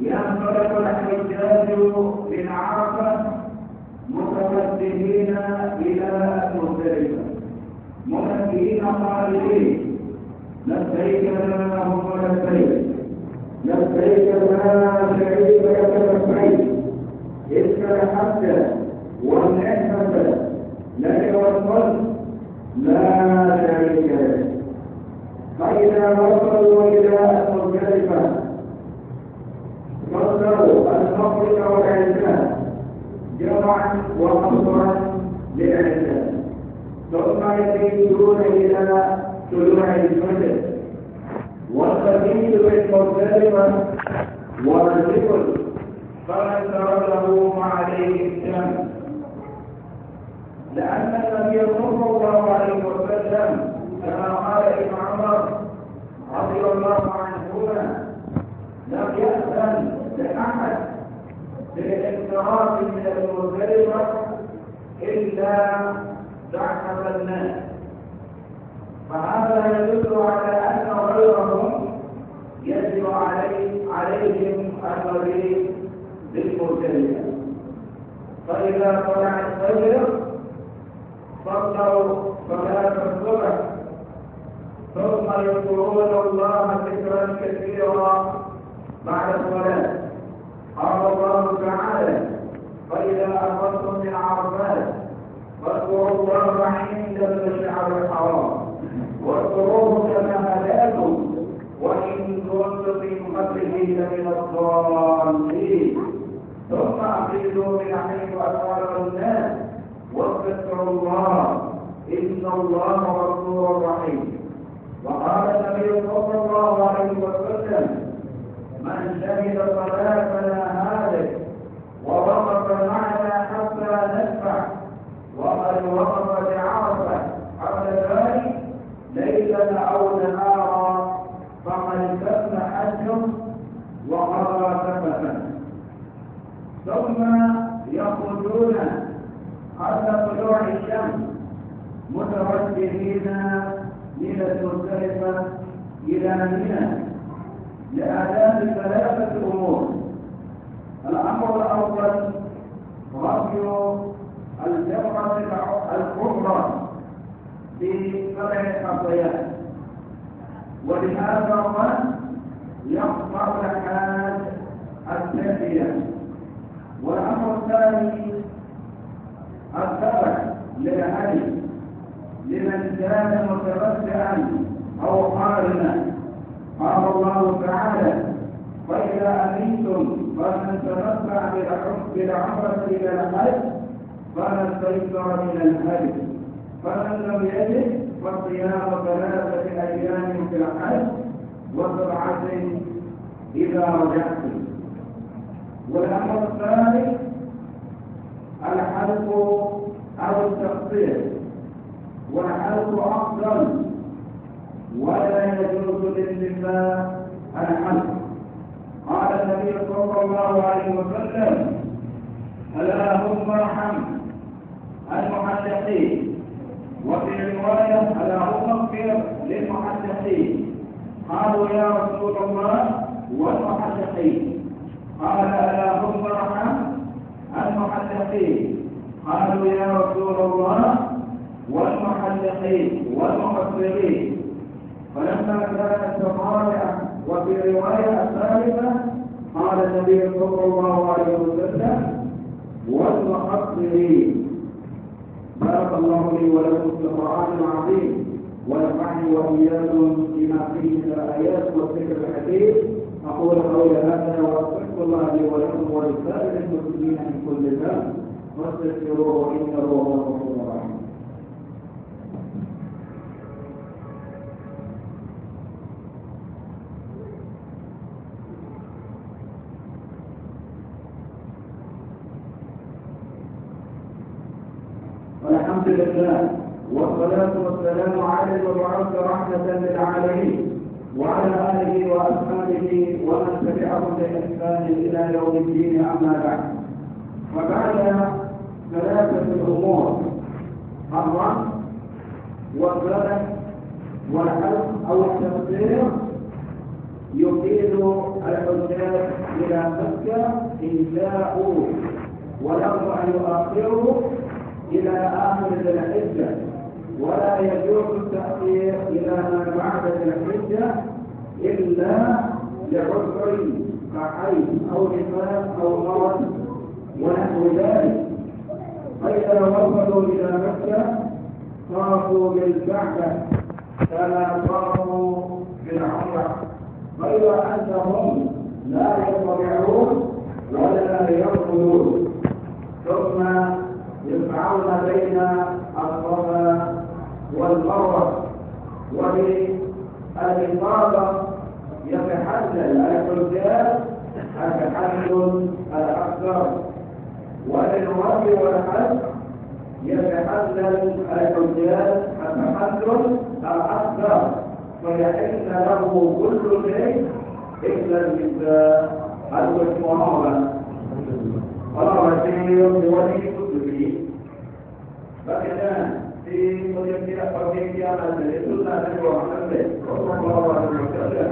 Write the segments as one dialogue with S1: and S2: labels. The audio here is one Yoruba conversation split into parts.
S1: ينطلق الحجاج من عرفة متوجهين إلى مزدلفة منبهين قائلين لبيك لا هم لبيك لبيك لا شريك لك لبيك إن الحمد والنعمة لك والفضل لا شريك لك فإذا وصلوا إلى مزدلفة صدروا المفرق والعزلة جمعا وقصرا للعزلة ثم يزيدون إلى طلوع الفجر والقبيل من مزدلفة والرجل فمن ترده عليه الشمس لأن النبي صلى الله عليه وسلم كلمة إلا زعزع الناس فهذا يدل على أن غيرهم يجب عليه عليهم الطريق بالمرتدية فإذا طلع الفجر صلوا صلاة الصبح ثم يذكرون الله ذكرا كثيرا بعد الصلاة قال الله تعالى فإذا أخذتم من عرفات فاذكروا الله عند المشعر الحرام واذكروه كما هداكم وإن كنتم من قبله لمن الضالين ثم أقيلوا من حيث أثار الناس واستغفروا الله إن الله غفور رحيم وقال النبي صلى الله عليه وسلم من شهد صلاة فلا ووقف معنا حتى ندفع وقد وقف بعرفه قبل ذلك ليلا او نهارا فقد تم حجه وقرر سفها ثم يخرجون قبل طلوع الشمس متوجهين من المزدلفه الى منى لاداء ثلاثه امور الأمر الأول رفع الجرة الكبرى في سبع خطيات ولهذا الرد يقطع لك التحية والأمر الثاني الترك للعلم لمن كان متمتعا أو قارنا قال الله تعالى فإذا أمنتم فمن تمتع بالعمرة إلى الحج فلا استيسر من الهدي فمن لم يجد فصيام ثلاثة أيام في الحج وسبعة إذا رجعت والأمر الثالث الحلق أو التقصير والحلق أفضل ولا يجوز للنساء الحلق قال النبي صلى الله عليه وسلم هم ارحم المحدثين وفي رواية هم اغفر للمحدثين قالوا يا رسول الله والمحدثين قال هم ارحم المحدثين قالوا يا رسول الله والمحدثين والمقصرين فلما كانت الرابعة وفي رواية ثالثة قال النبي صلى الله عليه وسلم والمقصرين بارك الله لي ولكم في القرآن العظيم ونفعني وإياكم بما فيه من الآيات والذكر الحكيم أقول قولي هذا وأستغفر الله لي ولكم ولسائر المسلمين من كل ذنب واستغفروه إنه هو الغفور الرحيم الحمد لله والصلاة والسلام على المبعوث رحمة للعالمين وعلى آله وأصحابه ومن تبعهم بإحسان إلى يوم الدين أما بعد فبعد ثلاثة أمور الرفع والبلد والحلق أو التفسير يقيد الحجاج إلى مكة إن جاءوا ولهم أن يؤخروا إلى آخر ذي الحجة ولا يجوز التأخير إلى ما بعد ذي الحجة إلا لعذر كحيض أو نفاس أو مرض ونحو ذلك فإذا وصلوا إلى مكة طافوا بالكعبة فلا طافوا بالعمرة غير أنهم لا يطلعون ولا يرقدون بين الصفا والمروه وبالإصابة يتحلل الحجاج التحلل الأكثر وللرب والحج يتحلل الحجاج التحلل الأكثر فيحل له كل شيء إلا النساء الوجه والعمل قال رسول الله bákan náà tí ó yẹ kí ọdún kí á máa tẹ̀lé tó náà lẹ́nu ọ̀hún lẹ̀ ọ̀tún kọ́ wà ọ̀tọ̀lẹ̀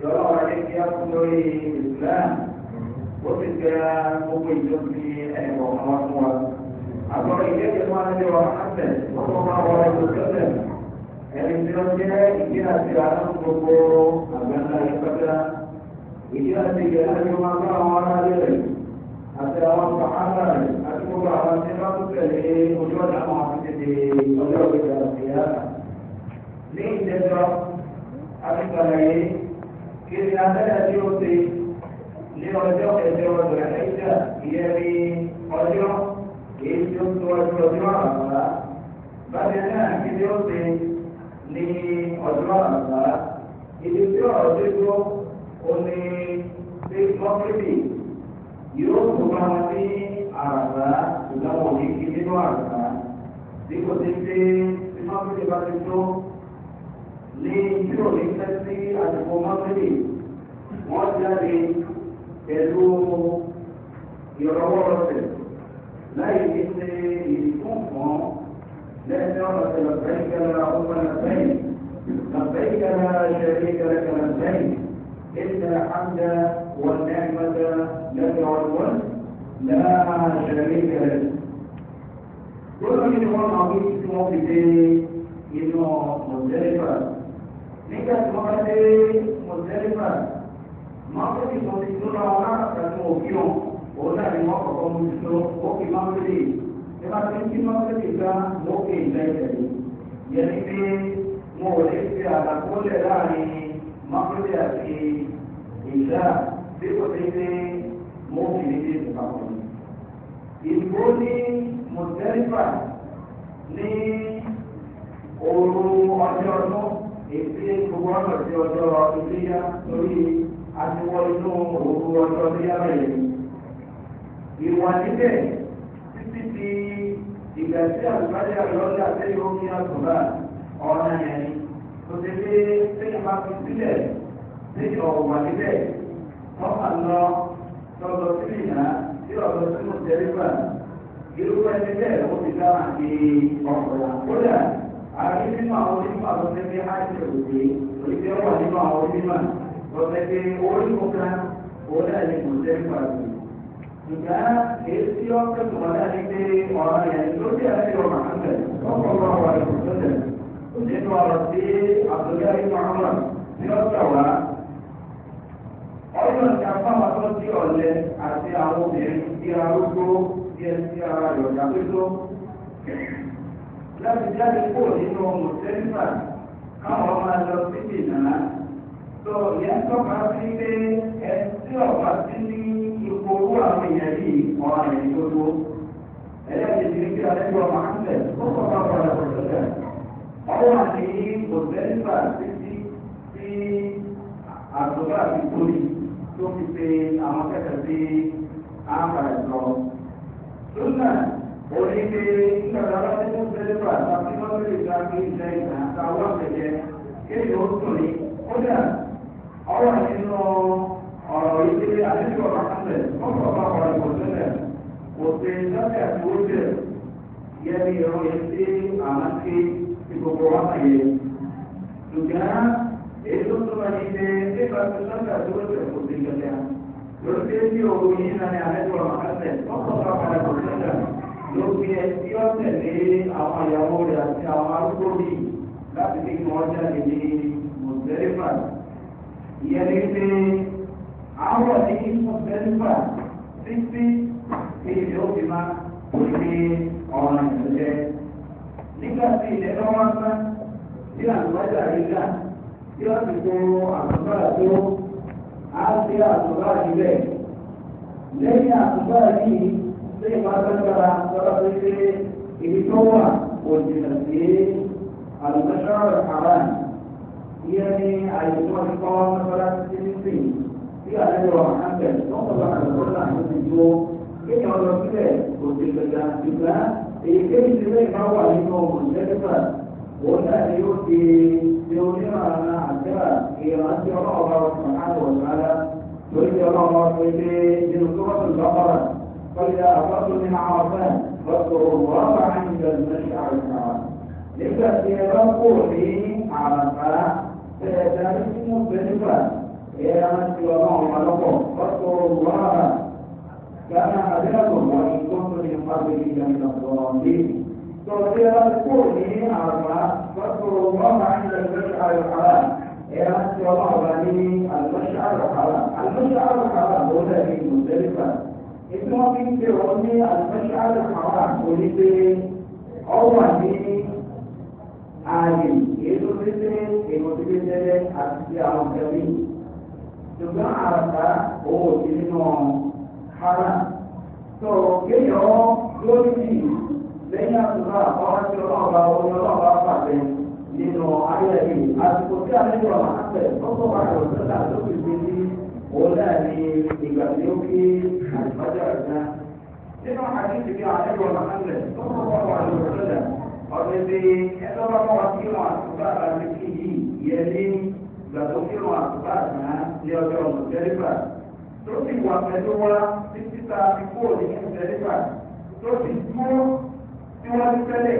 S1: yọ̀rọ̀ wà kí á kú lórí Islam ó sì jẹ́ gbogbo ìjọ ti ẹ̀yìn ọ̀hún wa fún wa. àgbọ̀ ìdí ẹ̀jẹ̀ máa ń lé wa hàtẹ̀ ọ̀tún kọ́ wà lórí ọ̀tọ̀lẹ̀ ẹni tí ó jẹ́ ìdílé àti àrùn gbogbo àgbẹ̀ àti àwọn sàkánà rẹ̀ àti gbogbo àwọn tí wọ́n tún tẹ̀lé ojú ọ̀nà àwọn àfitètè ọjọ́ ìgbà ìyá ní ìjẹjọ́ àtìgbàlàyé kí ni abẹ́rẹ́ tí ó ṣe ní ọjọ́ ẹ̀jẹ̀ ọjọ́ ẹ̀jẹ̀ ìyẹn ní ọjọ́ èyí tí ó tó ọjọ́ ọjọ́ àbàbà bákan náà kí ni ó ṣe ní ọjọ́ àbàbà ibi tí ọ̀rọ̀ tó tó ó ní sí mọ́kìlì yóò tó bá wọn sí àràbá ṣùgbọ́n wọn ní kí nínú àràbá bí kò ti pé bí mọ́tòlì bá ti tó ní yóò ní fẹ́ sí àdìpọ̀ mọ́tòlì wọ́n jáde pẹ̀lú ìrọwọ́ ọ̀sẹ̀ láì ní ṣe ìdíkùn fún lẹ́sẹ̀ ọ̀sẹ̀ lọ́sẹ̀ ìkẹlẹ́ ọ̀pọ̀ lọ́sẹ̀ lọ́sẹ̀ ìkẹlẹ́ ṣẹ̀rí ìkẹlẹ́ lọ́sẹ̀ إن الحمد والنعمة لك والملك لا شريك لك lórí ni wọn máa wí tí wọn fi dé inú mọ̀tẹ́lẹ́fà nígbà tí wọn bá dé mọ̀tẹ́lẹ́fà máa ń fi mọ̀ sí lọ́la wọn láti mọ̀ òbí wọn òun náà ni wọn kọ̀kọ́ mú sí lọ wọ́n fi máa ń lè ní bá ti ń kí máa ń lè gba lókè ìlẹ́sẹ̀ yẹn ni pé wọn ò lè fi àlàkólẹ̀ láàrin mákúrẹ́dì àti ìgbà tí kò sí pé mo fi lè dé ìpapọ̀ ni. ìgbó ní mọ̀tẹ́lífà ní òru ọjọ́ ọdún èsì gbogbo ọ̀nà sí ọjọ́ ìléyà lórí àtiwọ inú òru ọjọ́ ìléyà rẹ̀. ìwà níbẹ̀ títí di ìgbà tí àlùbáyà lọ́dà tẹ́lẹ̀ omi àtúbà ọ̀ràn yẹn ni tó ti bá fi sílẹ̀ ní ọ̀wà níbẹ̀ wọ́n máa lọ lọ́dọ̀ sí ìyá tí ọ̀dọ̀ sí mo jẹ́ nígbà irúgbẹ́ níbẹ̀ ó ti dáhà ní ọ̀pọ̀ àkóyà àti nínú àwọn onímọ̀ tó ti pé òde òde tí wà nínú àwọn onímọ̀ tó ti pé orí mo ká òun náà ìgbà èsì ọ̀pẹ̀ tó wà láti pé ọ̀rọ̀ yẹn ló àti ọ̀rọ̀ àkàndẹ̀ ọ̀pọ̀ ọ̀rọ̀ àwọn ìkòtò tẹ̀lé nínú ọ̀rọ̀ sí àbúrò ìmọ̀ ọmọ ní ọ̀sẹ̀ wá ọ̀yọ́ ti afáwọn tó ti ọ̀lẹ àti àwọn obìnrin ti arúgbó díẹ̀ sí ara ìrọ̀jà pẹ́tọ́ láti jáde kó nínú mùsẹ́lífà káwọn máa lọ síbi náà tó yẹn tọ́ka sí pé ẹtí ọ̀gá sí ní ipò owó àwọn èèyàn yìí ọ̀ràn ìgbòho ẹ̀yà ìdílé kí alẹ́ ọmọ àńtẹ̀ ó kọ́ bá ọmọ ní òtẹ́lifà títí tí àgbọ̀dá àti tóbi tó fi pe àwọn kẹta sí àǹfààní lọ. lónà òní pé nígbàdá bá ti mú òtẹ́lifà tàbí wọ́n lè gba bí ìjà ìgbà àtàwọn ọ̀sẹ̀jẹ kéde ó tún ní kódà ọwọ́ nínú ọ̀rọ̀ ìdílé àdéhùn ọ̀rọ̀ àtẹ̀ ọ̀pọ̀ ọ̀pọ̀ ọ̀rọ̀ ìkọ̀sílẹ̀ kò sí lọ́sẹ̀ àti wọ́sẹ̀ yẹ bí ìròyìn sí àmọ́ sí tí gbogbo wa máa yẹ wò. ṣùgbọ́n èyí tó tó máa ní ṣe nípa tó sọ́jà tó ló tẹ̀ kó ti jọjà. lórí pé tí o yín náà ní àlẹ́kọ̀ọ́ màkàtẹ̀ ọkọ̀ bá padà kó sọ́jà ló fi ẹ tí ó tẹ̀lé àwọn ìyàwó rẹ̀ àti àwọn arúgbó mi láti fi kí wọ́n jáde ní mọ̀tẹ́lẹ́fà. ìyẹn ní pé àwọn ní mọ̀tẹ́lẹ́fà títí èyí ló fi máa pè ní ọ̀ràn ìjọjẹ́ nígbà tí ilẹ̀ bá wá sá tí àlùbájà yìí dà tí wọ́n ti kó àtúbára tó á sí àtúbára yìí bẹ̀. lẹ́yìn àtúbára yìí ṣé ìmọ̀ àtúbára lọ́dọ̀ tó ṣe èyí tó wà kò jìnnà sí àlùbáṣọ́ àrà ìyẹn ní àyùkọ́ nípa lọ́dọ̀ tó ṣe sìn tí àlejò àhàǹbẹ̀ tó ń bọ̀ lọ́dọ̀ tó ṣe àyùkọ́ nípa kéèyàn lọ sílẹ̀ kò jìnnà sí èyíkéyìí tí lè máa wà nínú mọ̀lẹ́dẹ́fà wọ́n náà ni ó ti ṣe onírànà àjẹ́rà ìrántí ọlọ́ọ̀bá ọ̀sán àwọ̀ sára lórí ọlọ́ọ̀bá ọ̀sán ilé nínú tó bá tún lọ́kọ̀rà kọ́lá àbọ̀tún ní àwọn ọ̀fẹ́ lọ́sọ̀ wọ́n bá ń jẹ lórí àrùkà. nígbà tí ẹ bá kò ní àràkà tẹ̀ẹ̀dá ní mú bẹ́ẹ̀ nígbà ẹ̀ rántí ọlọ́ọ̀bá lọ́kọ̀ lọ́sọ̀ wọ́n كان عذاب الله إن كنت من قبله لمن الضالين فقيل كوني أربعة فاذكروا الله عند المشعر الحرام يا أنت الله بني المشعر الحرام المشعر الحرام هو الذي مزدلفة إنه في تيروني المشعر الحرام ولد أولي ààyè èso títí èso títí tẹ́lẹ̀ àti àwọn kẹ́lí ṣùgbọ́n àràkà owó ti nínú hàrà tó kéèyàn lórí bì lẹ́yìn àtúntà àwọn tí ọlọ́ọ̀bá omi nínú ayẹyẹ yìí tí a lẹ́yìn àpẹ tọ́kọ̀ bá yọ̀ tó fi fi sí òun ìgbà tí ó kí àtìmọ́jà ìgbà. nínú àdéhùn bí àlejò àpẹ tọ́kọ̀ bá wà lọ sọ́dà ọ̀sẹ̀ bá wà kí wọn àtúntà àti kí yìí yẹ ní ìgbà tó kí wọn àtúntà àná ní ọjọ́ tó sì wà pẹ̀lú wa títí tá a fi kúrò ní ìtẹ̀lẹ́fà tó sì dúró síwájú tẹ́lẹ̀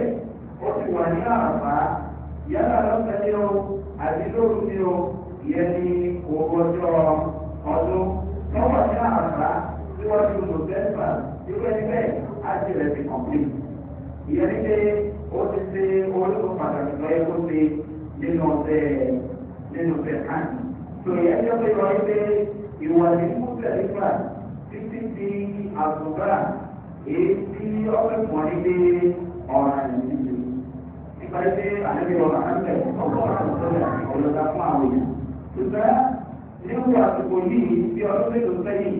S1: ó sì wà ní àràfà yálà lọ́sẹ̀lẹ̀ o àbí lóru ni o ìyẹn ní ogójọ́ ọdún tó wà ní àràfà síwájú lọ́sẹ̀lẹ̀fà ìwé ẹgbẹ́ àjẹrẹ̀ ti kọ̀m̀pìlì ìyẹn ní pé ó ti ṣe olóògùn pàtàkì lọ́yẹ́ kó ṣe nínú ọ̀sẹ̀ nínú ọ̀sẹ̀ kan tòyẹ́ ẹjọ́ pé lọ́yẹ́ pé Mùsùlùmí títí di àtúgbà èyí tí ọ̀pẹ̀ pọ̀ nílé ọ̀ràn ìdíje. Ìpàdé tí àlejò ọ̀rọ̀ àńtẹ̀ ọ̀pọ̀ ọ̀rọ̀ àtúntọ́lẹ̀ ọ̀lọ́dà fún àwọn èèyàn. Ṣùgbọ́n níwò àsìkò yìí bí ọdún mélòó sẹ́yìn,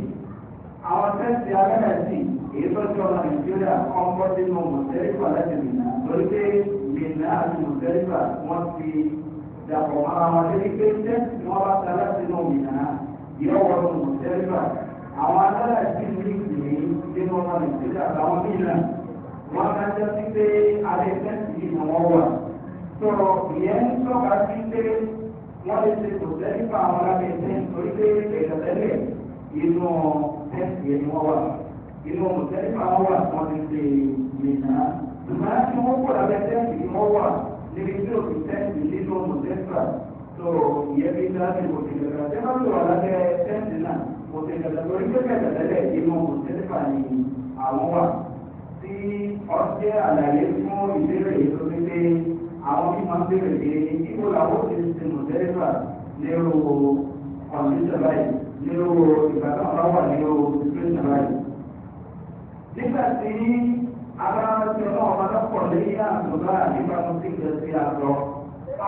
S1: àwọn tẹ́sí alẹ́rẹ̀sì èyí tó ti ọmọ Nàìjíríà ọkọ̀ sínú Mùsùlùmí láti Mìnà lórí pé Mìnà àti Mùsùlùmí wọ́n ti dàpọ̀ mọ́ra wọn lórí pé tẹ́sí wọn bá ta láti inú Mìnà náà yọ wọ́n mú sẹ́lẹ̀mà àwọn adára ti ní ìpè nínú ọmọ nàìjíríà àtàwọn mìíràn wọn ká jẹ́ sí pé alẹ́ fẹ́ǹsì yìí ni wọ́n wà sọ̀rọ̀ ìyẹn ń tọ́ka sí pé wọ́n lè ṣe kò sẹ́lẹ̀mà àwọn alábẹ́ ẹ̀sẹ̀ nítorí pé ìrẹ̀lẹ́lẹ̀ inú fẹ́ǹsì yẹn ni wọ́n wà inú mùsẹ́lẹ̀mà wọn wà tí wọ́n ti ṣe mìíràn ṣùgbọ́n tí wọ́n kọ̀ lábẹ́ fẹ́ǹsì yìí wọ́n wà níbi tí òfin fẹ́ǹsì tó ìyẹn bí kíláàsì kò sí kankan ṣé máa ń lò alábẹ́ tẹ́ǹtì náà kò sí kankan torí pé kẹ̀tẹ̀lẹ́lẹ̀ inú kò sí nípa ní àwọn wà tí ọjẹ́ àlàyé fún ìbéèrè tó ti pé àwọn bí máa ń béèrè pé ibo làwọn ti ti mọ̀ tẹ́lifà lérò kọ̀ǹtínṣẹ̀ báyìí lérò ìbátan bá wà lérò ìpínlẹ̀ báyìí. nígbà tí agbára ti ọlọ́run bá dọ́pọ̀ lé àtúntà nípa tó àtọ́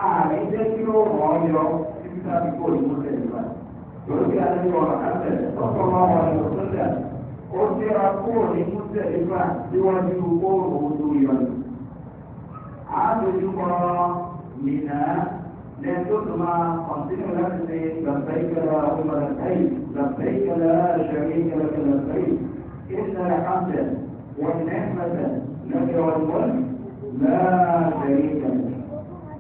S1: ààrẹ jẹ́ kí ó rọ̀ ọ́ yọ títí láti kó ìlú tẹ̀ nípa. Yóò fi àlejò ọ̀rọ̀ kásẹ̀ lọ́sọ̀ máa wà ní òṣèlè. Ó jẹ́ra kúrò ní mútẹ̀ nípa níwájú oòrùn ojú ìyọnu. Àádójúkọ nìyà لأن تسمع خمسين لفظ لبيك لا أم لبيك لبيك لا شريك لك لبيك إن الحمد والنعمة لك والملك لا شريك لك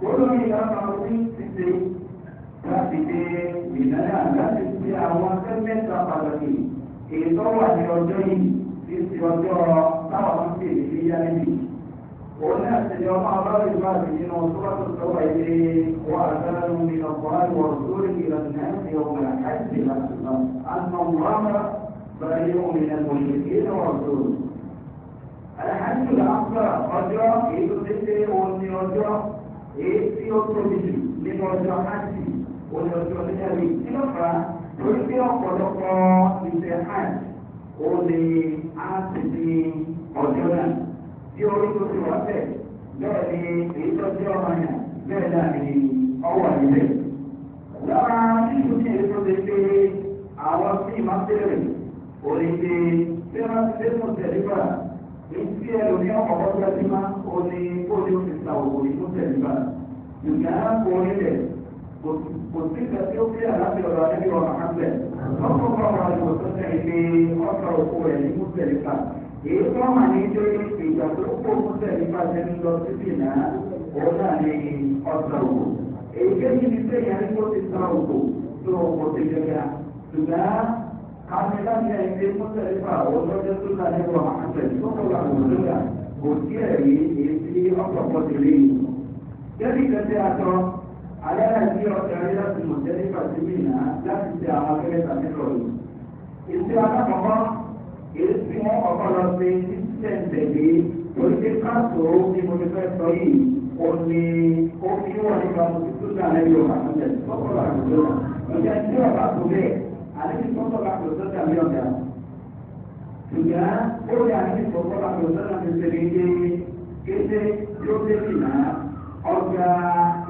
S1: olórí àwọn orí títẹ láti dé ìdáná láti fi àwọn akẹ́mẹ́ta pàtàkì ètò wà ní ọjọ́ yìí tí ti ọjọ́ táwọn ń pè ní yálẹ́bí. òun náà ti ní ọmọ ọlọ́run ìlú àti nínú sọ́wọ́sọ sọ́wọ́ ilé wa àtàlù mi ọ̀pọ̀ àlùwọ̀ lórí ìlànà ẹ̀sìn ọ̀gbìn àkáìsì làtúnà àtàwọ̀rọ̀ bẹ̀rẹ̀ yóò mi nà kò lè ké lọ́wọ́ lórí. àlàájú làásùlà ọjọ́ èyí tó ti ṣe òun ní ọjọ́ èyí tí ó tóbi jù nínú ọjọ́ hajj òní ọjọ́ níjàre tí ó fà á lórí bí ọ̀pọ̀lọpọ̀ ìfẹ́ hajj ó lè á sì di ọjọ́ náà tí orí tó ti wá bẹ̀ bẹ́ẹ̀ ni èyí tó jẹ́ ọmọ yẹn bẹ́ẹ̀ náà ni ọwọ́ ìlẹ̀. lára nínú ní èyí tó ti pé àwọn tí ìmá bẹ̀rẹ̀ òní ti dé mọ̀ tẹ̀lé bá ní tí ẹlòmíràn ọ̀pọ̀ tó ti máa ó ní ó ní ó ti ta òwò ìlú tẹ̀lé bá yòókè aráàbò orílẹ̀ kò sí ìgbà tí ó fi àlàbí ọ̀rọ̀ àdébí ọ̀rọ̀ àbẹ̀ lọ́kọ̀ ọ̀rọ̀ àdébí ọ̀tọ̀ tẹ̀lé pé ọ̀tọ̀ òkú rẹ̀ ní mú tẹ̀lé bá èyí tó wà ní ilé ìgbà tó kó mú tẹ̀lé bá tẹ̀lé lọ síbi náà òun náà ní ọ̀tọ̀ òkú èyí kéjì ní sẹ́yìn àdébí ó ti ta òkú tó ọkọ̀ ti gẹ́gẹ́ ṣùgbọ́n sí ọ̀pọ̀pọ̀ tèlé yìí. Jẹ́bi kẹsẹ̀ àtọ́, alẹ́ náà ní ọ̀sẹ̀ ayé láti mọ̀ jẹ́bi pàṣẹ mìíràn láti ṣe àwọn abẹ́rẹ́ tàbí lọ yìí. Èsì alákọ̀ọ́kọ́, èyí tí wọ́n kọ̀ọ̀kan lọ sí sísẹ̀ tẹ̀lé lórí pé káàtó ní mo ti fẹ́ sọ yìí, ó ní ó fi wọ́n nípa mo ti tún náà lẹ́yìn ọ̀gá tó lẹ̀ tí ọ̀gá tó Ṣùgbọ́n ó yà ní ìfọ̀kọ́ àgbẹ̀dọ́ náà ti ṣe kété yóò tètè náà ọgbà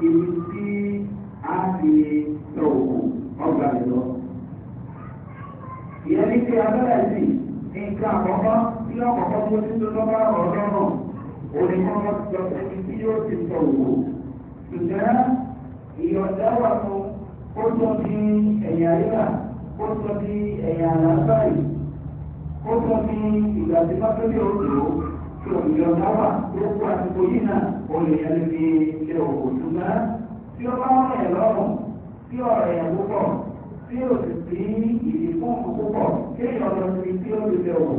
S1: èyí tí a fi lọ òkú ọgbà rẹ lọ. ìyẹn ní pé abẹ́rẹ́ sí nǹkan àkọ́kọ́ tí ọkọ̀ọ̀kan tó ti tó lọ́gbà ọ̀rọ̀ náà òní kan lọ sọ ẹni tí yóò ti sọ òkú. ṣùgbọ́n ìyọ̀dá wà fún ó sọ bí ẹ̀yà rírà ó sọ bí ẹ̀yà àlàáfáì ó sọ bí ìgbà tí bá tó lè ó lò ó ìyọ̀nà wà lóko àsìkò yìí náà olùyẹn lè fi ṣe òkò ṣùgbọ́n tí ó bá wọn yẹn lọ́rùn tí ọ̀rọ̀ yẹn púpọ̀ tí ó sì sí ìdí fún púpọ̀ kéèyàn lọ sí tí ó lè ṣe òkò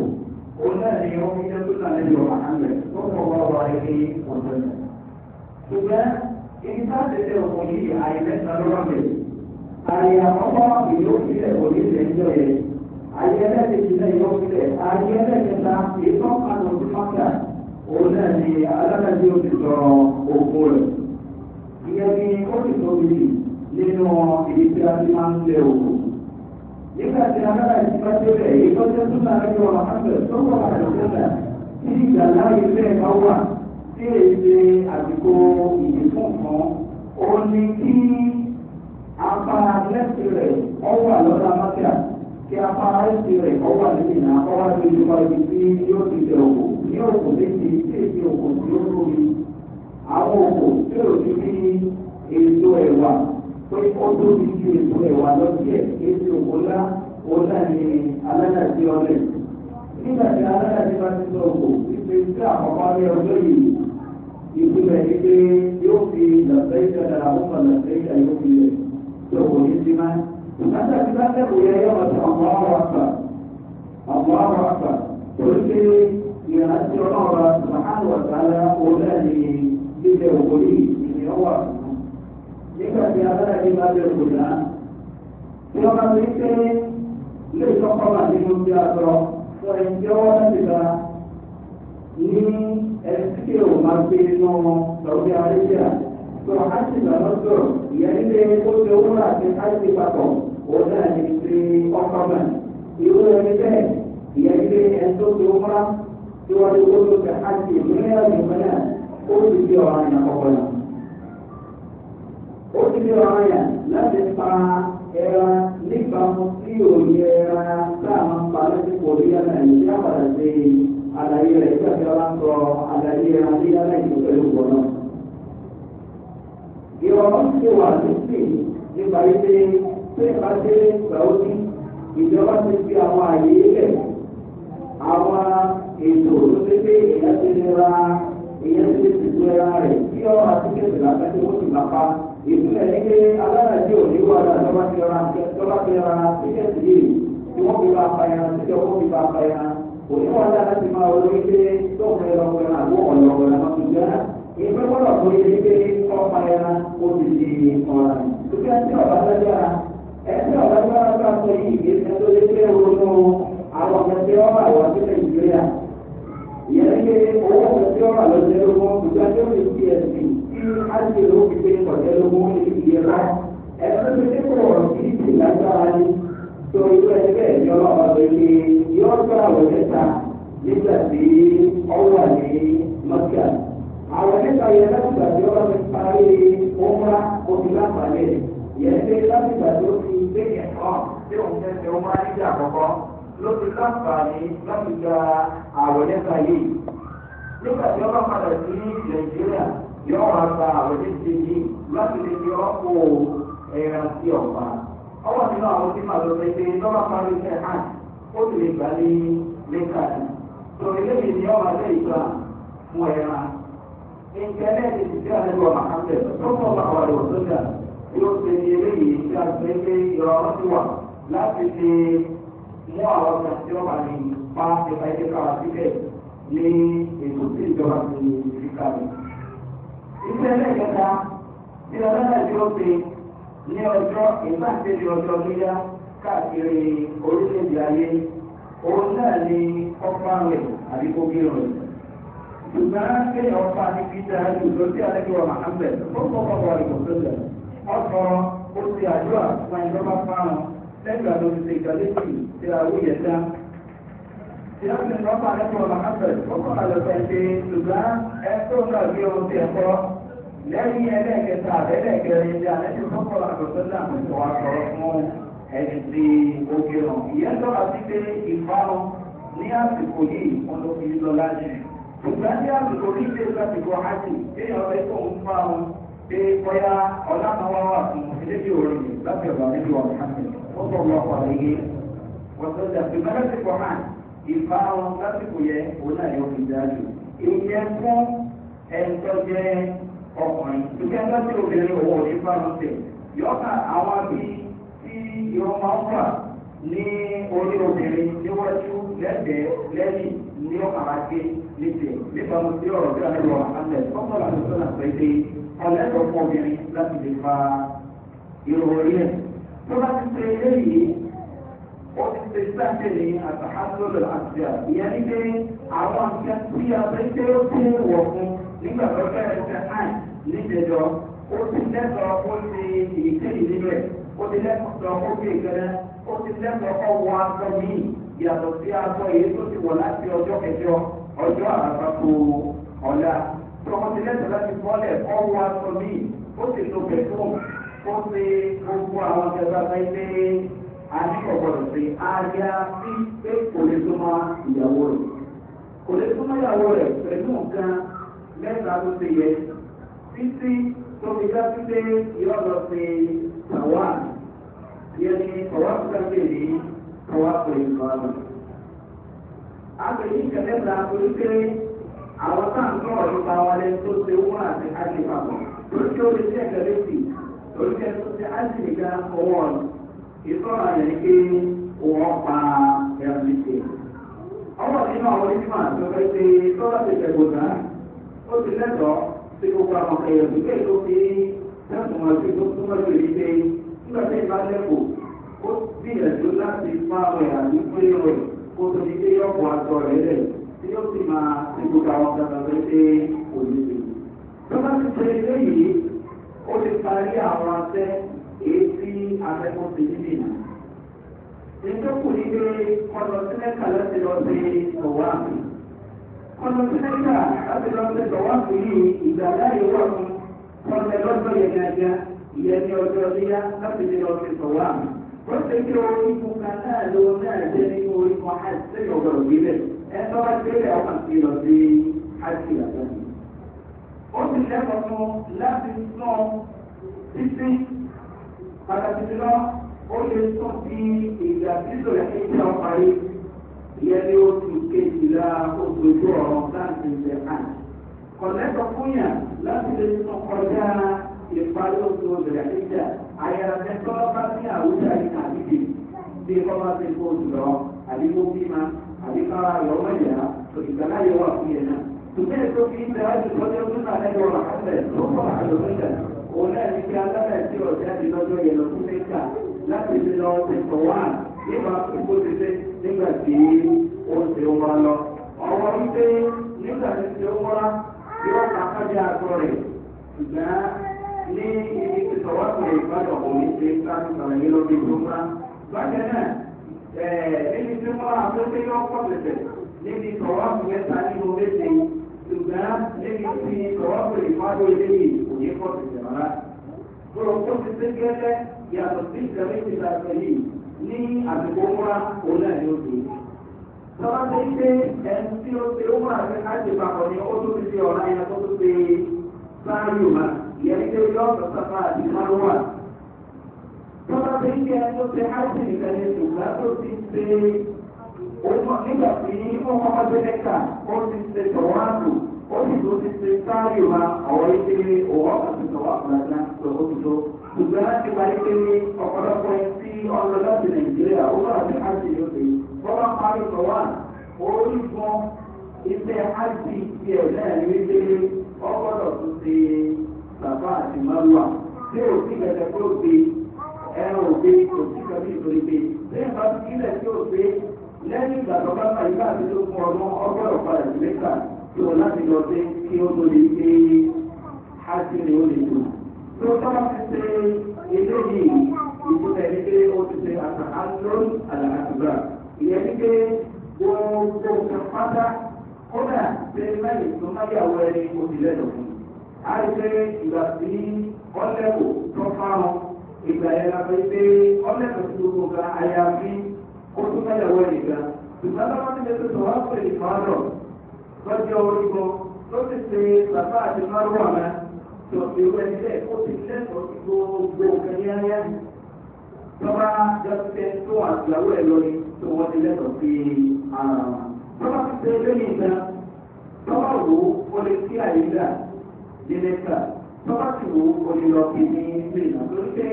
S1: òun náà ni ó fi jẹ́ tó náà lẹ́yìn ọ̀rọ̀ àmì tó kọ̀ wá wà ní ọ̀dọ̀ yẹn. ṣùgbọ́n ibi tá a ti ṣe òkò yìí àyè mẹ́ta lọ́rọ̀ mi àyè àkọ́kọ́ ìlú ìṣẹ̀kọ̀ ẹlẹ́kẹ̀kẹ̀lẹ́ ìyọ́kùnlẹ̀ ayé ẹlẹ́kẹta ìtọ́kànnà òṣùpákà òun náà ni alágbàdé òṣìṣọ ogun rẹ̀ ìyẹn ni ó sì tóbi nínú èyí o a ti máa ń lé ogun nígbà tí alágbàdé bá débẹ̀ èyí tó jẹ́ tó náà lẹ́yìn ọ̀rọ̀ àgbẹ̀ tó wà àdókòtà tí ìgbà láàyè bẹ́ẹ̀ bá wà tí èyí ṣe àdìgbò ìdìbò kan ó ní kí kí afárá ẹsẹ̀ rẹ̀ kọ́ wà níbi náà kọ́ wá níbi ìjọba ibi tí yóò ti jẹ òkò ní òkò méjì méjì òkò tí ó lórí àwọn òkò tí ò ti ní èso ẹ̀wà pé ó tóbi ju èso ẹ̀wà lọ díẹ̀ èso òkò lá ọ̀la ni aládàájí ọlẹ̀ nígbà tí aládàájí bá ti sọ òkò ìpè sí àkọ́kọ́ ní ọjọ́ yìí ìpínlẹ̀ yìí pé yóò fi lọ́sẹ̀ ìjọba àwọn ọmọ lọ́sẹ̀ ìjọba yóò fi lẹ̀ tó kò ní sí máa ìgbàdà tí bá tẹ̀kù yẹ yọ ọ̀sẹ̀ ọ̀pọ̀ ọ̀rọ̀ àgbà ọ̀pọ̀ ọ̀rọ̀ àgbà torí pé ìrántí ọlọ́ọ̀rọ̀ sàmánù ọ̀sálẹ̀ olóòní bíbẹ̀ òkòlì ìyẹ̀wò àtúntò nígbà tí abẹ́rẹ́ ní bá bẹ̀rù kò dá tí wọ́n bá ń pé ilé ìtọ́kọ́ wà nínú bí aṣọ fún ẹni tí ọwọ́ láti gba ní ẹni tí kò máa gbé inú lọ́wọ́ bí arẹ́bíà tó ájì lọ́nà sọ̀rọ̀ ìyẹn nílé ó ti owó àti ájì papọ̀ òun náà ní ti ọkọ̀ mọ̀ irú ẹni bẹ́ẹ̀ ìyẹn nílé ẹni tó ti owó rá tí wọ́n ti owó tó ti ájì ìmúlẹ̀ ìmúlẹ̀ náà ó ti di ọ̀rọ̀ àyàn kọ̀kọ̀ lọ. ó ti di ọ̀rọ̀ àyàn láti pa ẹran níbàámu sí òye ẹran táwọn pa lásìkò orí ẹran ìṣẹ́ àpàdà sí àlàyé rẹ̀ nígbà tí wọ́n bá ń sọ àlàyé ẹran ní aláìsí pẹ̀lú ìwọ náà ìrọ̀rùn ti wà lókè nípa ilé pé ìpàdé sàódì ìjọba ti fi àwọn àyè lẹ̀ àwọn ètò tó ti pé èèyàn ti lè ra èèyàn ti lè tìtú ẹra rẹ̀ kí ọ̀rọ̀ àti kẹsì làbẹ́ tí wọ́n ti máa pa ìpínlẹ̀ ní pé alárajì ò ní wà láti lọ́ba ti ra lọ́ba ti ra tíkẹ́ẹ̀tì yìí tí wọ́n fi bá a pa tí wọ́n fi bá a pa ẹran kò ní wà máa wọlé pé tó ń fẹ́ lọ́kùnrin àbúrò ọ̀lọ́kùnrin àbámu jẹ́ náà ìgbé gbọ́dọ̀ tó yẹ kí ọ̀pá ẹ̀ra ó ti di ọ̀ràn. Lókè ẹni ọ̀bá lágbára ẹni ọ̀bá lágbára bá sọ yìí ìgbésẹ̀ tó lé pé ronú àwọn ọ̀gẹ̀dẹ̀ ọ̀bà àwọn tó Nàìjíríà. Ìyẹn ní owó ọ̀gẹ̀dẹ̀ ọ̀bà ló jẹ́ lógún ìgbà tó lè fi ẹ̀sìn tí ájì ló fi pé ọ̀jẹ́ lógún ní ìlera. Ẹ̀sìn tó ti kọ̀ ọ̀rọ̀ sí ìdí lágbára ni. Tó irú àwọn nípa yẹn láti gbà tí ọba ti parí ọmọ omi lápàlẹ yẹn pé láti gbà tó fi gbẹ̀yẹ kan tí òun fẹ́ fẹ́ ọmọ níjà àkọ́kọ́ ló ti láǹfààní láti gba àwọn nípa yìí nígbà tí ọba padà sí nàìjíríà yóò wá gba àwọn nípa yìí láti lè fi ọkọ̀ ẹran sí ọ̀pá ọwọ́ nínú àwọn tí màá lọ sí pé lọ́ba parí iṣẹ́ hàn ó sì lè gbà ní lẹ́ka yìí tòun من كلام الجاهل ومحمد صلى الله عليه وسلم يرسل إليه كالبيت إرادته láti fi mú àwọn ọ̀nà tí wọ́n máa ní pa ìpa ẹ̀jẹ̀ kára sílẹ̀ ní ètò tí ìjọba ti fi kalẹ̀. Iṣẹ́ ẹlẹ́kẹta tí ọlọ́dà tí ó pe ní ọjọ́ ìbáṣepọ̀ ọjọ́ gíga káàkiri orílẹ̀-èdè ayé òun náà ni ọ̀pá ṣùgbọ́n kéèyàn ọ̀pá ní kíjà ìlú tí alẹ́kẹ̀wà Mohammed ó kọ́kọ́ wà ìkọ̀sọ́lẹ̀ ọkọ̀ ó ti àdúrà fún ẹjọ́ bá fáwọn lẹ́gbẹ̀ẹ́ àti òṣìṣẹ́ ìgbàlejò ti àwọn yẹn dá. ìyáàfin ọ̀pá alẹ́kẹ̀wà Mohammed ó kọ́ àlọ́fẹ́ ṣe ṣùgbọ́n ẹ tó ń gbàgbé ohun ti ẹ̀kọ́ lẹ́yìn ẹlẹ́ẹ̀kẹta àbẹ́lẹ́ẹ̀kẹrin ní àsìkò yìí wọn ló fi lọ lájú ìgbà tí àsìkò kí ṣe ìsàtìkò àti èèyàn ọ̀rẹ́ tó ń fa wọn pé bóyá ọ̀la kan wá wà fún eléyìí orin láti ọ̀dọ̀ nínú ọ̀rọ̀ àti wọ́n tọ̀ lọ pa òye wọ́n tó dà pé mẹ́lẹ́sìkò hàn ìfà wọn lásìkò yẹ òun náà yóò fi dájú ìyẹn fún ẹ̀ńtọ́ jẹ́ ọkùnrin ìgbà tó ti obìnrin òun ò ní fa wọn tẹ̀ yọ̀ọ́kà àwọn bíi tí ìrọ̀ máa ní orí obìnrin níwájú lẹ́gbẹ̀ẹ́ lẹ́yìn ní ọ̀kàrà gbé ní tiẹ̀ nípa tí ọ̀rọ̀ bí wọ́n lọ àtẹ ọ̀pọ̀ làwọn tó nà pé pé ọ̀lẹ́dọ̀ pọ̀ obìnrin láti lè fa ìrọ̀rọ̀ yẹn. tó bá ti ṣe eléyìí ó ti ṣe sáṣẹ ní àtàhásọ́lọ̀ àti àbíyá ní pé àwọn akẹ́kọ̀ọ́ tí a fẹ́ ṣe ó ti wọ̀ fún nígbà tó bẹ̀rẹ̀ ṣe àì níjẹjọ ó ti lẹ́tọ̀ọ́ ó ti ìkéyìí nínú ó ti lẹ́tọ̀ọ́ ó ti ìkẹrẹ ó ti lẹ́tọ̀ọ́ ọwọ́ aṣọ míì yàtọ̀ sí aṣọ èyí tó ti wọ̀ láti ọjọ́ kẹjọ ọjọ́ àràbàkọ ọ̀la tọmọdé lẹ́sọ̀ láti bọ́lẹ̀ kọ́ wa sọ mí ó sì lo pẹ̀tọ́ ó ṣe gbogbo àwọn ìjọba ilé àdìgbọ̀gbọ̀dọ̀ sí àyà sí pé kò lè súnmọ́ ìyàwó rẹ̀ kò lè súnmọ́ ìyàwó rẹ̀ pẹ̀lú nǹkan mẹ́ta tó ṣe yẹ títí tó fi dá sí pé yọ lọ sí tàwa yẹn ni tàwa tó dá sí èyí tàwa pè é kọ́ pè ní kẹ̀mẹ́ta torí pé àwọn táǹkì ọ̀rọ̀ nípa wọn lẹ́nu tó ṣe owó àti ájì papọ̀ lórí tí ó lè ṣe ẹ̀kẹ́ lẹ́sì lórí tí ẹni tó ṣe ájì nìkan ọwọ́ ìtọ́ra yẹn pé wọ́n pa ẹ̀rọ ọwọ́ nínú àwọn onímọ̀ àti ọ̀rẹ́ pé tọ́lá ti tẹ̀ gbòdà ó ti lẹ́tọ̀ọ́ sí gbogbo àwọn ẹ̀yọ̀ nígbà tó fi lẹ́tọ̀ọ́ sí tó túmọ̀ sí èyí nígbà kó tó di pé yóò bọ̀ àtọ̀ rẹ̀ rẹ̀ tí yóò sì máa ní gbogbo àwọn ọ̀dàgbà tó ṣe òyìnbó. tó bá ti ṣe eléyìí ó ti parí àwọn asẹ́ èyí tí afẹ́kọ̀ọ́ ti ní nìyà. ìjọkùn ní pé kọ́lọ̀ sí mẹ́ta láti lọ sí ọ̀wá mi. kọ́lọ̀ sí mẹ́ta láti lọ sí ọ̀wá mi yìí ìgbà láyé wà fún kọ́lọ̀ lọ́sọ̀ yẹn gàgà ìyẹn ní ọjọ́ wọ́n ṣe kí orí kúkà náà ló náà jẹ́ nínú orí kan hajj sẹ́yìn ọ̀gbọ̀n òbílẹ̀ ẹ tó bá gbélé ọmọ sí lọ sí hajj lọ́sẹ̀. ó ti lẹ́kọ̀ọ́ fún láti sọ títí pàtàkì jùlọ ó lè sọ sí ìgbà títò ẹ̀kẹ́ ìjà ọparí ìyẹn ní oṣù kejìlá oṣù ojú ọ̀rọ̀ láti ilẹ̀ hajj. kọ̀lẹ́kọ̀ọ́ fún yàn láti lè sọ kọjá ìparí oṣù ọ̀gbẹ̀rẹ̀ ìjà àyàràfẹ́ tọ́lọ́ bá ní àwùjọ yìí àbí bì bí ẹ̀kọ́ bá ti kó oṣù lọ àbí kó bí ma àbí kára lọ wẹ̀yà ìgbàlá yẹ wà fún yẹn náà. tùmí ètò fi ń bẹ̀rẹ̀ ju lọ́jọ́ nínú àlejò ọ̀rọ̀ àlẹ́ tó kọ́ àlọ́ wẹ̀yà òun náà ní kí alábẹ̀ tí ọ̀jẹ́ àti lọ́jọ́ yẹn lọ fún láti fi lọ ṣe kọ̀ wá nígbà tó ti nígbà tí ó ṣe wá lọ. ọ̀wọ́ wípé nígbà tí ó wá yóò sọ̀rọ̀ sí ìgbàdàn omi ṣe láti sọ̀rọ̀ yín lórí ìdúrà. Bákan náà, níbi tí wọ́n afẹ́fẹ́ yọ pọ̀ tẹ̀tẹ̀ níbi sọ̀rọ̀ sí mẹ́ta nínú méje, ṣùgbọ́n níbi tí sọ̀rọ̀ sí ìgbàdàn eléyìí kò ní pọ̀ tẹ̀tẹ̀ rárá. Bọ̀rọ̀ kó ti ṣe gẹ́gẹ́ yàtọ̀ sí ìtẹ̀wé ti ta sẹ́yìn ní àsìkò múra òun náà ni ó dùn. Sọ́lá ṣe ìyẹn ní pé yọ̀ọ̀tọ̀ sáfà àti márùwà. tọ́lá ti ń yẹ tó ṣe áìsì nìkan ní ṣùgbọ́n tó ti ṣe òun nígbà tí ó kọ́kọ́ ṣe lẹ́ka ó ti ṣe tọ̀wáàdù ó sì tó ti ṣe sáré wa ọ̀rọ̀ ìṣeré òwò ọ̀sìn tọ̀wáàdù lásán lọ́wọ́ tó tó. ṣùgbọ́n láti parí pé ọ̀pọ̀lọpọ̀ ẹ tí ọ̀rọ̀ láti nàìjíríà ó bá àti áìsì yóò ṣe bọ́lá parí tọ̀wáàdù orí fún iṣẹ́ áìsì tiẹ̀ náà ní wípé ọ gbọ́dọ̀ tún ṣe bàbá àti márùwà tí ò sí kẹ̀kẹ́ pé ó gbé ẹran ògbé kò sí kẹ̀kẹ́ ìtòlè gbé lẹ́yìn bá ti kílẹ̀ tí ó gbé lẹ́yìn ìgbà tó bá máa yíká àti tó fún ọmọ ọgbọ́dọ̀ padà sí lẹ́kà tó láti lọ sí kí ó tó lè gbé ájí ni ó lè lò. tó bá ti ṣe eléyìí ìfúnẹ̀ ní pé ó ti ṣe àtàkùn àlàkùnrà ìyẹn ní pé gbogbo nǹkan pátá kódà ṣe láì tó máyàwó ẹni òbí lẹ́nu á rí pé ìgbà tí ọlẹ́kù tó fáwọn ìgbà yẹn la pé pé ọlẹ́kù tó gbogbo ga àyàfi kó tó fẹ́yàwó ẹ̀ nìkan ṣùgbọ́n lọ́wọ́ ti lè tó sọ wá pé ìfọ́nrọ̀ lọ́jọ́ orí kan ló ti ṣe bàbá àti márùn àná tó ìwé ẹgbẹ́ ó ti lẹ́tọ̀ọ́ sí gbogbo kẹ́yẹ́yẹ́ tọ́ba jọ́sẹ̀ tó àgbàwọ̀ ẹ̀ lọ ni tó wọ́n ti lẹ́tọ̀ọ́ sí ara wọn. tọ́ba ti ṣe lẹ́yìn ìgbà tọ́ba wo ó lè sí àyíká délẹ́kà tọ́lá sì wò ó lè lọ kí ní ìrìnà lórí pé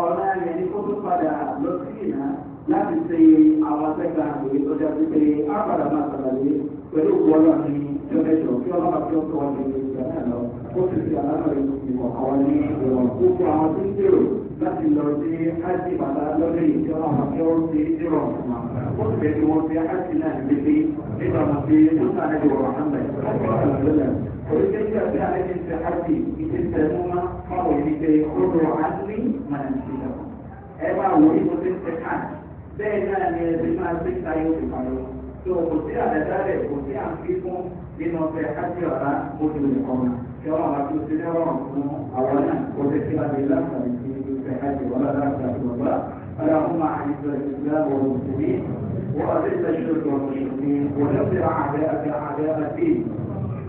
S1: ọ̀rọ̀ ayẹyẹ ní kó tó padà lọ sí ìrìnà láti ṣe àwọn akẹ́kọ̀ọ́ àgbèrè tó dájú pé á padà máa ṣàlàyé pẹ̀lú òkú ọlọ́run tí ó lẹ́sọ̀ kí ọlọ́mà tí ó tọ́ ní ìgbà náà lọ ó sì fi aláàrẹ ìwọ̀ àwọn ní ìrọ̀rùn gbogbo àwọn tí ń gbèrò láti lọ sí ájì bàtà lọ́dún yìí tí ọlọ́mà tí ó ti dìrọ̀ mà ó sì fẹ́ kí wọ́n fi ájì náà gbégbé nígbà wọn fi mọ́tà náà yọ̀ ọ̀hánlẹ̀ oríṣiríṣi àti àlejò ti ájì ìtẹ̀sẹ̀múmá fáwọn ìdíje kódò ájì máa ń ṣe lọ ẹ máa wò ní mo ti ń ṣe káàkiri bẹ́ẹ̀ náà ni ẹ ti máa gbé táyé òkè pariwo. tó kò sí àdájálẹ̀ kò sí àfikún nínú ọ̀fẹ́ kájí ọ̀la ojú nìkan kí ọlọ́run àti òṣèlú ọlọ́run fún àwọn الاسلام والمسلمين واذل الشرك والمشركين ودمر اعداءك اعداء الدين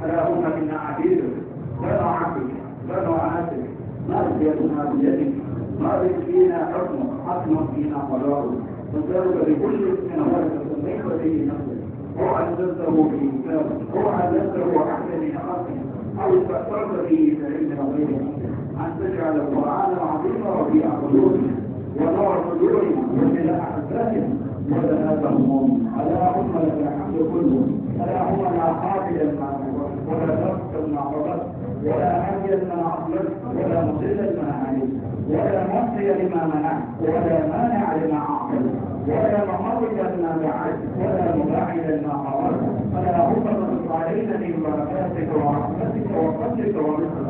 S1: اللهم انا عبيدك بنو عبدك بنو عهدك ما بيدنا بيدك ما فينا حكمك حكمك فينا قرارك وذلك لكل السنوات والنحو به نفسه هو أنزلته في كتابه هو أنزلته أحسن أو استأثرت به فعلم غيره أن تجعل القرآن العظيم ربيع قلوبنا ونور صدورنا وجلاء أحزاننا وذهابهم ألا هم لك الحمد كله ألا هم لا قابل المعروف ولا تقتل المعروفات ولا هادي لما أعطيت ولا مضل لما عليت ولا معطي لما منعت ولا مانع لما أعطيت ولا معرض لما بعد ولا مباعد لما حرمت فلا أقدر علينا من بركاتك ورحمتك وفضلك ورزقك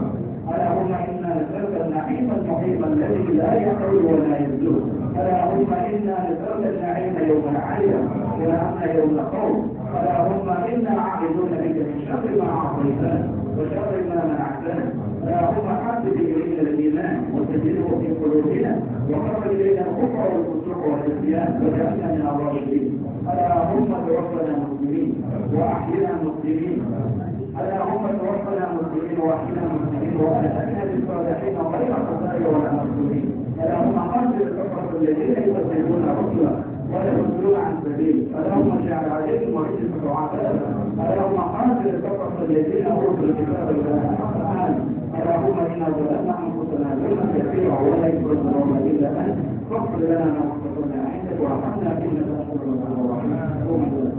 S1: النعيم المحيط الذي لا يحول ولا يبلغ اللهم انا نسالك النعيم يوم العلم ونعمنا يوم القوم اللهم انا عائدون بك من شر ما اعطيتنا وشر ما منعتنا اللهم حبب الينا الايمان وسجله في قلوبنا وقرب الينا الكفر والفسوق والعصيان وجعلنا من الراشدين اللهم توفنا مسلمين واحينا مسلمين ألا هم توفنا مسلمين وأحينا مسلمين وأهلنا بالصالحين غير خسائر ولا مسلمين ألا هم أرجو الكفرة الذين يكذبون رسلا ولا يسلون عن سبيل ألا هم جعل عليهم وكيف دعاء ألا هم أرجو الكفرة الذين أوتوا الكتاب ولا القرآن ألا هم إنا ظلمنا أنفسنا ظلما كثيرا ولا يكبر اللهم فاغفر لنا ما قصرنا عندك وارحمنا إنك أنت الرحمن